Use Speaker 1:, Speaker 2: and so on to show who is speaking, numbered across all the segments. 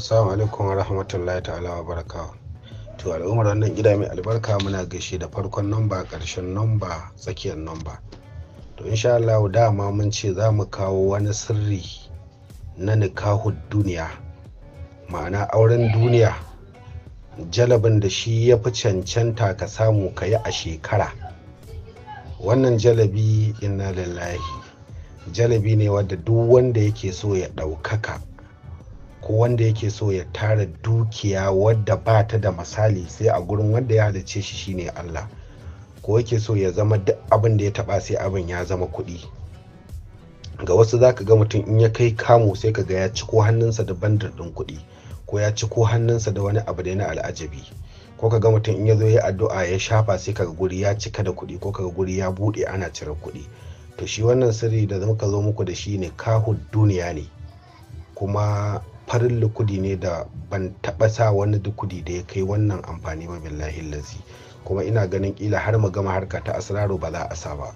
Speaker 1: assalamu alaikum wa rahmatullahi ta'ala wa barakawa to al'ummar wannan gida mai albarka muna gaishe da farkon namba ƙarshen namba tsakiyar namba to insha Allah dama mun ce za mu kawo wani sirri na nikahud duniya ma'ana auren duniya jalabin da shi ya fi cancanta ka samu ka yi a shekara wannan jalabi inna lillahi jalabi ne wadda duk wanda yake so ya ɗaukaka ko wanda yake so ya tara dukiya wadda ba ta da misali sai a gurin wanda ya halice shi shine Allah ko yake so ya zama duk abin da ya taba sai abin ya zama kuɗi ga wasu za ka ga mutum in ya kai kamu sai ka ga ya ciko hannunsa da bandar ɗin kuɗi ko ya ciko hannunsa da wani abu da na al'ajabi ko ka ga mutum in ya zo ya addu'a ya shafa sai ka ga guri ya cika da kuɗi ko ka ga guri ya buɗe ana cire kuɗi to shi wannan sirri da muka zo muku da shi ne kahud duniya ne kuma farin lukudi ne da ban taɓa sa wani lukudi da ya kai wannan amfani ba billahi lazi kuma ina ganin kila har mu gama harka ta asraru ba za a sa ba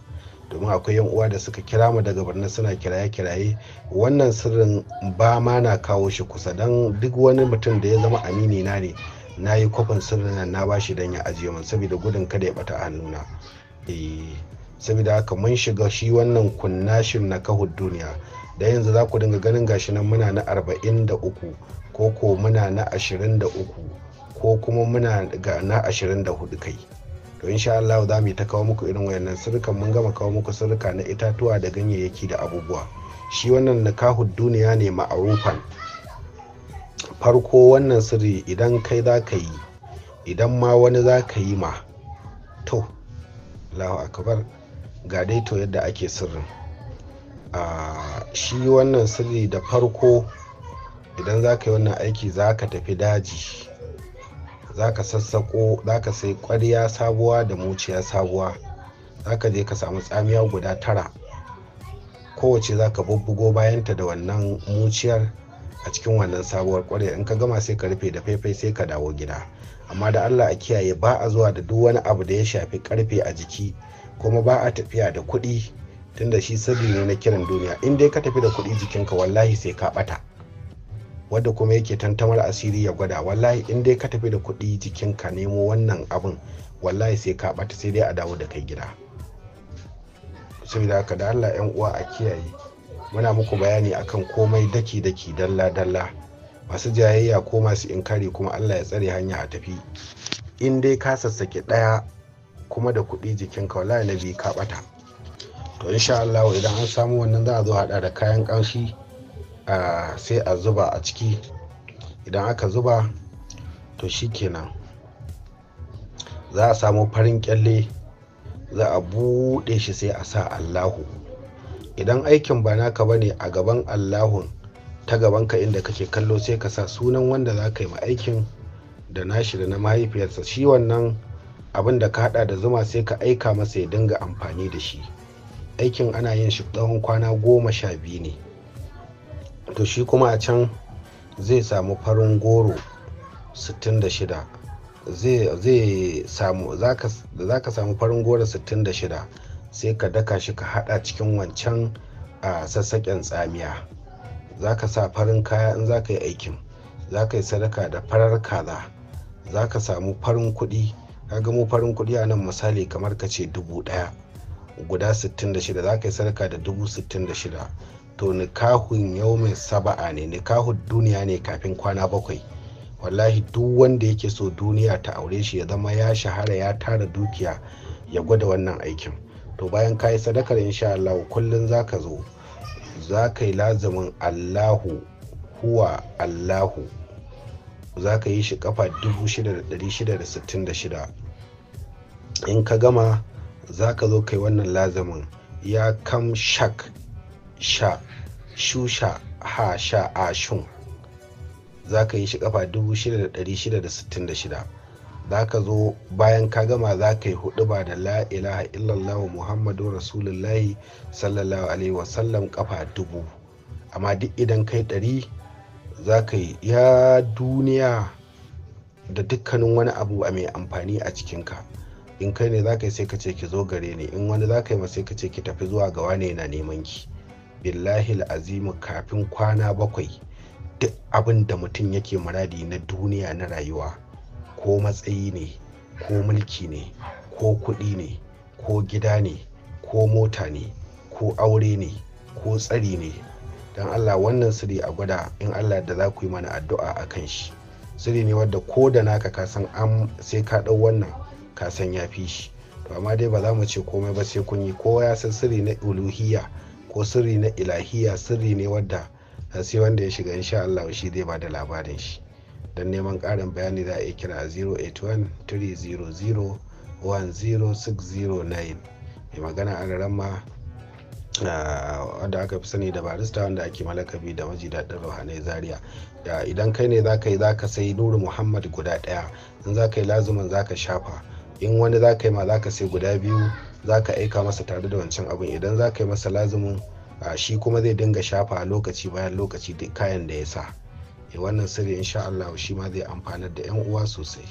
Speaker 1: domin akwai yan uwa da suka kira mu daga birnin suna kiraye kiraye wannan sirrin ba ma na kawo shi kusa don duk wani mutum da ya zama amini na ne na yi kwafin sirrin nan na bashi don ya ajiye mu saboda gudun kada ya bata hannuna eh, saboda haka mun shiga shi wannan kunnashin na kahud duniya da yanzu za ku dinga ganin gashi nan muna na 43 ko ko muna na 23 ko kuma muna ga na 24 kai to insha Allah za mu ta kawo muku irin wayannan sirrukan mun gama kawo muku sirruka na itatuwa da ganyayyaki da abubuwa shi wannan nikahu duniya ne ma'arufan farko wannan sirri idan kai za ka yi idan ma wani za ka yi ma to Allahu akbar ga dai to yadda ake sirrin a shi wannan sirri da farko idan za ka yi wannan aiki za ka tafi daji za ka sassaƙo za ka sai ƙwarya sabuwa da muciya sabuwa za ka je ka samu tsamiya guda tara kowace za ka bubbugo bayanta da wannan muciyar a cikin wannan sabuwar ƙwarya in ka gama sai ka rufe da faifai sai ka dawo gida amma da allah a kiyaye ba a zuwa da duk wani abu da ya shafi karfe a jiki kuma ba a tafiya da kuɗi tunda shi sirri ne na kiran duniya in dai ka tafi da kuɗi jikinka wallahi sai ka ɓata wadda kuma yake tantamar asiri ya gwada wallahi in dai ka tafi da kuɗi jikinka nemo wannan abin wallahi sai ka ɓata sai dai a dawo da kai gida saboda haka da Allah yan uwa a kiyaye muna muku bayani akan komai daki daki dalla dalla masu jayayya ko masu inkari kuma Allah ya tsare hanya a tafi in dai ka sassake ɗaya kuma da kuɗi jikinka wallahi na biyu ka ɓata to insha Allah idan an samu wannan za a zo hada da kayan kamshi sai a zuba a ciki idan aka zuba to shikenan za a samu farin kyalle za a buɗe shi sai a sa Allahu idan aikin ba naka bane a gaban allahu ta gaban ka inda kake kallo sai ka sa sunan wanda za ka yi ma aikin da nashi da na mahaifiyarsa shi wannan abin da ka hada da zuma sai ka aika masa ya dinga amfani da shi aikin ana yin shi tsawon kwana goma sha biyu ne to shi kuma a can zai samu farin goro 66 zai samu za ka samu farin goro 66 sai ka daka shi ka hada cikin wancan a sassaƙen tsamiya za ka sa farin kaya in za ka yi aikin za ka yi sadaka da farar kaza za ka samu farin kudi ka gamo farin kudi a nan misali kamar ka ce dubu ɗaya guda 66 za ka yi sadaka da dubu 66 to nikahun yau mai saba'a ne nikahun duniya ne kafin kwana bakwai wallahi duk wanda yake so duniya ta aure shi ya zama ya shahara ya tara dukiya ya gwada wannan aikin to bayan ka yi sadakar insha Allah kullum za ka zo za ka yi lazumin Allahu huwa Allahu za ka yi shi kafa 666 in ka gama za ka zo kai wannan lazamin ya kam shak sha shusha ha sha a shun za ka yi shi kafa 6666 za ka zo bayan ka gama za ka yi hudu ba da lailaha ilaha illallah muhammadu rasulullahi sallallahu alaihi wasallam kafa dubu amma duk idan kai ɗari za ka yi ya duniya da dukkanin wani abu mai amfani a cikinka in kai ne zaka yi sai ka ce ki zo gare ni in wani za ka yi ma sai ka ce ki tafi zuwa ga wane yana neman ki billahi azimu kafin kwana bakwai duk abin da mutum yake muradi na duniya na rayuwa ko matsayi ne ko mulki ne ko kuɗi ne ko gida ne ko mota ne ko aure ne ko tsari ne don allah wannan siri a gwada in allah da za ku yi mana addu'a a kan shi siri ne wadda ko da naka ka san sai ka ɗau wannan ka san ya fi shi to amma dai ba za mu ce komai ba sai kun yi kowa ya san sirri na uluhiyya ko sirri na ilahiya sirri ne wadda sai wanda ya shiga insha Allah shi zai bada labarin shi don neman karin bayani za a iya kira a 081-300-10609 mai magana a ramma wanda aka fi sani da barista wanda ake malakabi da maji daɗin rohanai zaria idan kai ne za ka yi za ka sai nuru muhammad guda ɗaya in za ka yi lazumin za ka shafa in wani za ka yi ma za ka sai guda biyu za ka aika masa tare da wancan abin idan za ka yi masa lazumin shi kuma zai dinga shafa lokaci bayan lokaci duk kayan da ya sa eh, wannan sirri insha Allah shi ma zai amfanar da 'yan uwa sosai